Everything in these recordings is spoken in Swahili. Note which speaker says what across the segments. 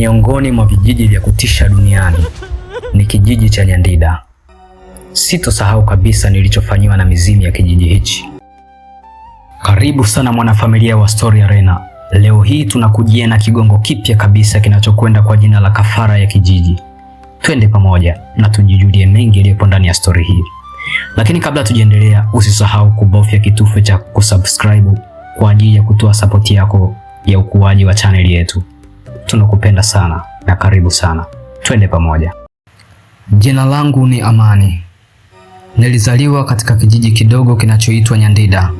Speaker 1: miongoni mwa vijiji vya kutisha duniani ni kijiji cha Nyandida. Sitosahau kabisa nilichofanyiwa na mizimu ya kijiji hichi. Karibu sana mwanafamilia wa Story Arena. Leo hii tunakujia na kigongo kipya kabisa kinachokwenda kwa jina la Kafara ya Kijiji. Twende pamoja na tujijulie mengi yaliyopo ndani ya stori hii, lakini kabla tujiendelea, usisahau kubofya kitufe cha kusubscribe kwa ajili ya kutoa sapoti yako ya ukuaji wa chaneli yetu tunakupenda sana na karibu sana, twende pamoja. Jina langu ni Amani. Nilizaliwa katika kijiji kidogo kinachoitwa Nyandida,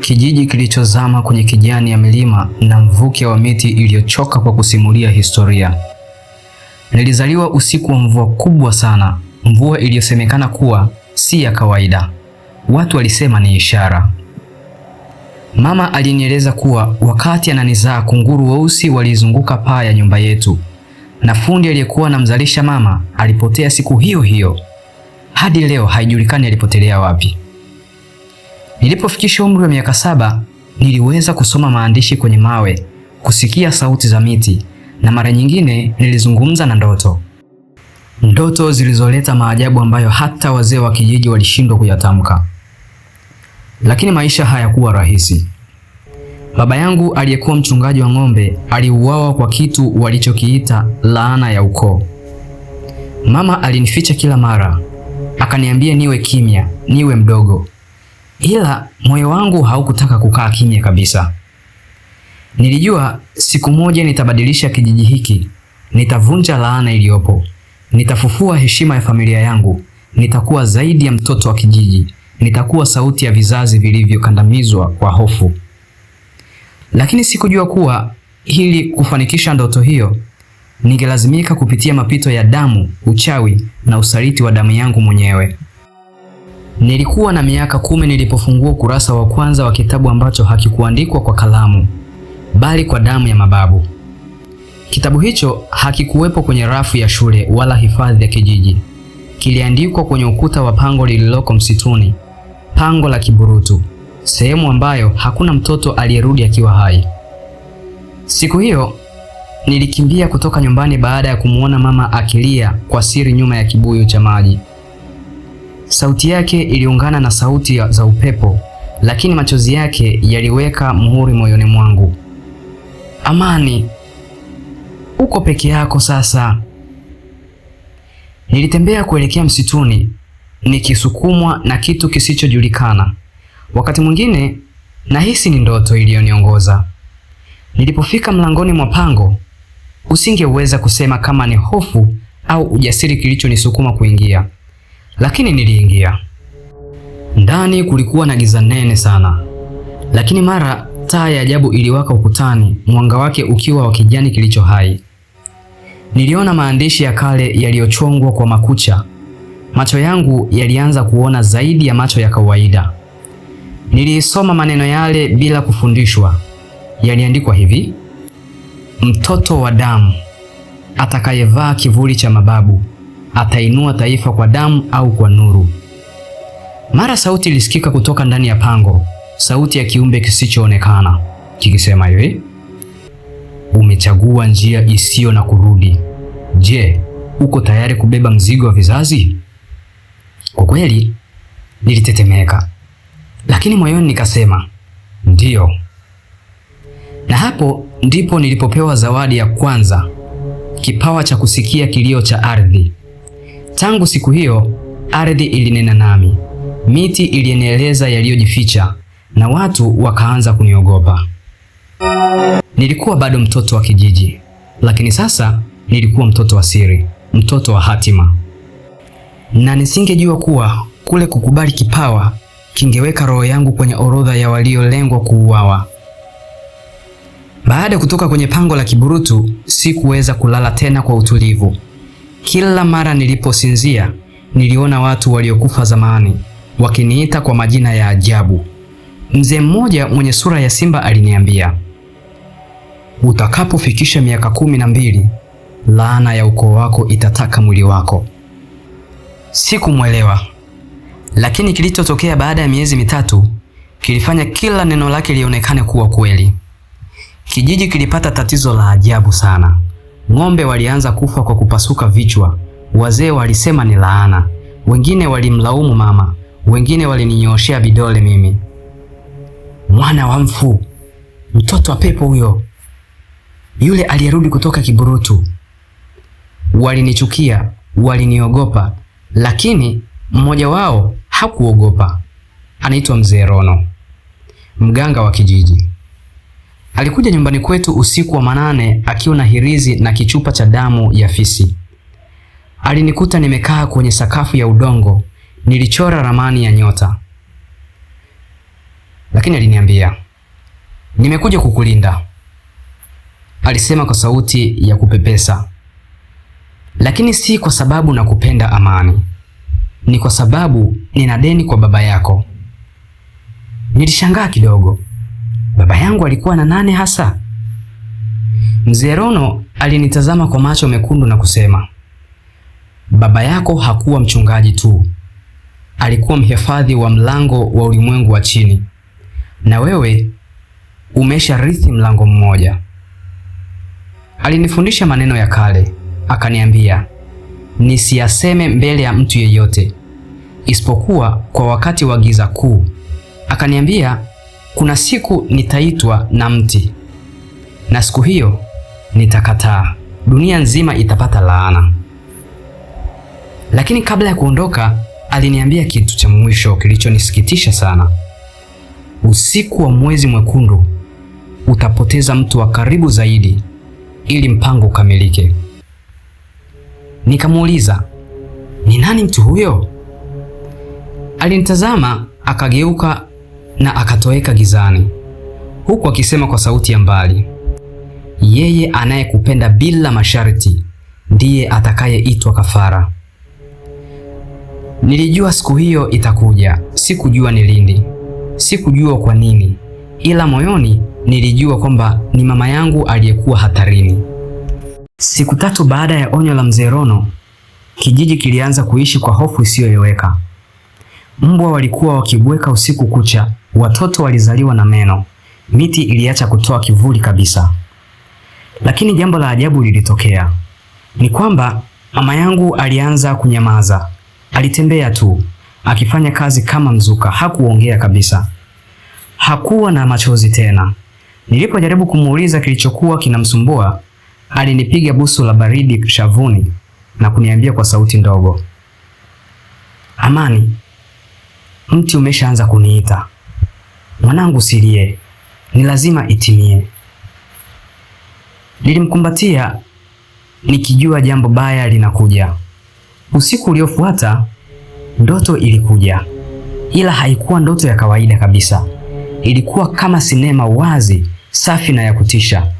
Speaker 1: kijiji kilichozama kwenye kijani ya milima na mvuke wa miti iliyochoka kwa kusimulia historia. Nilizaliwa usiku wa mvua kubwa sana, mvua iliyosemekana kuwa si ya kawaida. Watu walisema ni ishara. Mama alinieleza kuwa wakati ananizaa kunguru weusi walizunguka paa ya nyumba yetu, na fundi aliyekuwa anamzalisha mama alipotea siku hiyo hiyo. Hadi leo haijulikani alipotelea wapi. Nilipofikisha umri wa miaka saba, niliweza kusoma maandishi kwenye mawe, kusikia sauti za miti, na mara nyingine nilizungumza na ndoto, ndoto zilizoleta maajabu ambayo hata wazee wa kijiji walishindwa kuyatamka. Lakini maisha hayakuwa rahisi. Baba yangu aliyekuwa mchungaji wa ng'ombe aliuawa kwa kitu walichokiita laana ya ukoo. Mama alinificha kila mara, akaniambia niwe kimya, niwe mdogo, ila moyo wangu haukutaka kukaa kimya kabisa. Nilijua siku moja nitabadilisha kijiji hiki, nitavunja laana iliyopo, nitafufua heshima ya familia yangu, nitakuwa zaidi ya mtoto wa kijiji, nitakuwa sauti ya vizazi vilivyokandamizwa kwa hofu lakini sikujua kuwa ili kufanikisha ndoto hiyo ningelazimika kupitia mapito ya damu, uchawi na usaliti wa damu yangu mwenyewe. Nilikuwa na miaka kumi nilipofungua ukurasa wa kwanza wa kitabu ambacho hakikuandikwa kwa kalamu, bali kwa damu ya mababu. Kitabu hicho hakikuwepo kwenye rafu ya shule wala hifadhi ya kijiji. Kiliandikwa kwenye ukuta wa pango lililoko msituni, pango la Kiburutu sehemu ambayo hakuna mtoto aliyerudi akiwa hai. Siku hiyo nilikimbia kutoka nyumbani baada ya kumwona mama akilia kwa siri nyuma ya kibuyu cha maji. Sauti yake iliungana na sauti za upepo, lakini machozi yake yaliweka muhuri moyoni mwangu. Amani, uko peke yako sasa. Nilitembea kuelekea msituni nikisukumwa na kitu kisichojulikana. Wakati mwingine nahisi ni ndoto iliyoniongoza. Nilipofika mlangoni mwa pango, usingeweza kusema kama ni hofu au ujasiri kilichonisukuma kuingia, lakini niliingia. Ndani kulikuwa na giza nene sana, lakini mara taa ya ajabu iliwaka ukutani, mwanga wake ukiwa wa kijani kilicho hai. Niliona maandishi ya kale yaliyochongwa kwa makucha. Macho yangu yalianza kuona zaidi ya macho ya kawaida. Niliisoma maneno yale bila kufundishwa. Yaliandikwa hivi: mtoto wa damu atakayevaa kivuli cha mababu atainua taifa kwa damu au kwa nuru. Mara sauti ilisikika kutoka ndani ya pango, sauti ya kiumbe kisichoonekana kikisema hivi, umechagua njia isiyo na kurudi. Je, uko tayari kubeba mzigo wa vizazi? Kwa kweli nilitetemeka lakini moyoni nikasema ndiyo. Na hapo ndipo nilipopewa zawadi ya kwanza, kipawa cha kusikia kilio cha ardhi. Tangu siku hiyo ardhi ilinena nami, miti ilinieleza yaliyojificha, na watu wakaanza kuniogopa. Nilikuwa bado mtoto wa kijiji, lakini sasa nilikuwa mtoto wa siri, mtoto wa hatima, na nisingejua kuwa kule kukubali kipawa kingeweka roho yangu kwenye orodha ya waliolengwa kuuawa. Baada ya kutoka kwenye pango la Kiburutu, sikuweza kulala tena kwa utulivu. Kila mara niliposinzia, niliona watu waliokufa zamani wakiniita kwa majina ya ajabu. Mzee mmoja mwenye sura ya simba aliniambia, utakapofikisha miaka kumi na mbili, laana ya ukoo wako itataka mwili wako. Sikumwelewa. Lakini kilichotokea baada ya miezi mitatu kilifanya kila neno lake lionekane kuwa kweli. Kijiji kilipata tatizo la ajabu sana. Ng'ombe walianza kufa kwa kupasuka vichwa. Wazee walisema ni laana, wengine walimlaumu mama, wengine walininyooshea vidole mimi. Mwana wa mfu, mtoto wa pepo huyo, yule aliyerudi kutoka kiburutu. Walinichukia, waliniogopa, lakini mmoja wao Hakuogopa. Anaitwa Mzee Rono, mganga wa kijiji. Alikuja nyumbani kwetu usiku wa manane akiwa na hirizi na kichupa cha damu ya fisi. Alinikuta nimekaa kwenye sakafu ya udongo, nilichora ramani ya nyota, lakini aliniambia nimekuja kukulinda, alisema kwa sauti ya kupepesa, lakini si kwa sababu nakupenda, Amani ni kwa sababu nina deni kwa baba yako. Nilishangaa kidogo, baba yangu alikuwa na nane hasa? Mzee Rono alinitazama kwa macho mekundu na kusema, baba yako hakuwa mchungaji tu, alikuwa mhifadhi wa mlango wa ulimwengu wa chini, na wewe umesha rithi mlango mmoja. Alinifundisha maneno ya kale, akaniambia nisiyaseme mbele ya mtu yeyote, isipokuwa kwa wakati wa giza kuu. Akaniambia kuna siku nitaitwa na mti, na siku hiyo nitakataa, dunia nzima itapata laana. Lakini kabla ya kuondoka, aliniambia kitu cha mwisho kilichonisikitisha sana. Usiku wa mwezi mwekundu utapoteza mtu wa karibu zaidi ili mpango ukamilike. Nikamuuliza, ni nani mtu huyo? Alinitazama, akageuka na akatoweka gizani, huku akisema kwa sauti ya mbali, yeye anayekupenda bila masharti ndiye atakayeitwa kafara. Nilijua siku hiyo itakuja, sikujua ni lini, sikujua kwa nini, ila moyoni nilijua kwamba ni mama yangu aliyekuwa hatarini. Siku tatu baada ya onyo la mzee Rono, kijiji kilianza kuishi kwa hofu isiyoeleweka. Mbwa walikuwa wakibweka usiku kucha, watoto walizaliwa na meno, miti iliacha kutoa kivuli kabisa. Lakini jambo la ajabu lilitokea, ni kwamba mama yangu alianza kunyamaza. Alitembea tu akifanya kazi kama mzuka, hakuongea kabisa, hakuwa na machozi tena. Nilipojaribu kumuuliza kilichokuwa kinamsumbua Alinipiga busu la baridi shavuni na kuniambia kwa sauti ndogo, Amani, mti umeshaanza kuniita mwanangu, silie, ni lazima itimie. Nilimkumbatia nikijua jambo baya linakuja. Usiku uliofuata ndoto ilikuja, ila haikuwa ndoto ya kawaida kabisa. Ilikuwa kama sinema wazi, safi na ya kutisha.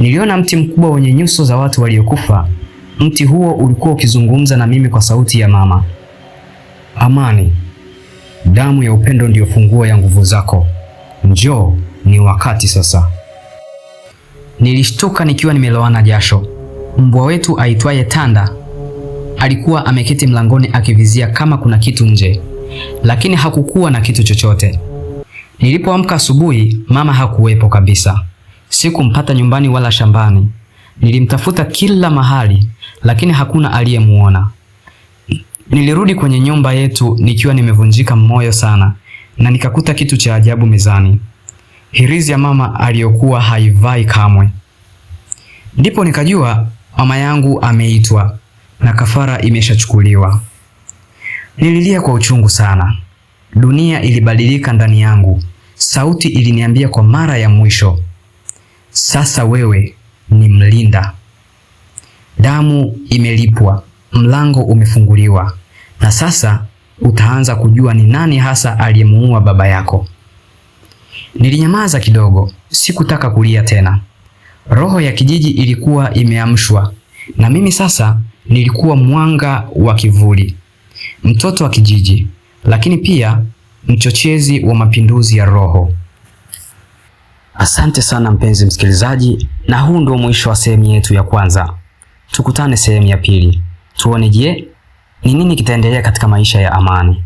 Speaker 1: Niliona mti mkubwa wenye nyuso za watu waliokufa. Mti huo ulikuwa ukizungumza na mimi kwa sauti ya mama. Amani, damu ya upendo ndiyo funguo ya nguvu zako. Njoo, ni wakati sasa. Nilishtuka nikiwa nimelowana jasho. Mbwa wetu aitwaye Tanda alikuwa ameketi mlangoni akivizia kama kuna kitu nje, lakini hakukuwa na kitu chochote. Nilipoamka asubuhi, mama hakuwepo kabisa. Sikumpata nyumbani wala shambani. Nilimtafuta kila mahali, lakini hakuna aliyemuona. Nilirudi kwenye nyumba yetu nikiwa nimevunjika moyo sana, na nikakuta kitu cha ajabu mezani, hirizi ya mama aliyokuwa haivai kamwe. Ndipo nikajua mama yangu ameitwa na kafara imeshachukuliwa. Nililia kwa uchungu sana. Dunia ilibadilika ndani yangu. Sauti iliniambia kwa mara ya mwisho sasa wewe ni mlinda. Damu imelipwa, mlango umefunguliwa, na sasa utaanza kujua ni nani hasa aliyemuua baba yako. Nilinyamaza kidogo, sikutaka kulia tena. Roho ya kijiji ilikuwa imeamshwa, na mimi sasa nilikuwa mwanga wa kivuli, mtoto wa kijiji, lakini pia mchochezi wa mapinduzi ya roho. Asante sana mpenzi msikilizaji, na huu ndio mwisho wa sehemu yetu ya kwanza. Tukutane sehemu ya pili, tuone je, ni nini kitaendelea katika maisha ya Amani.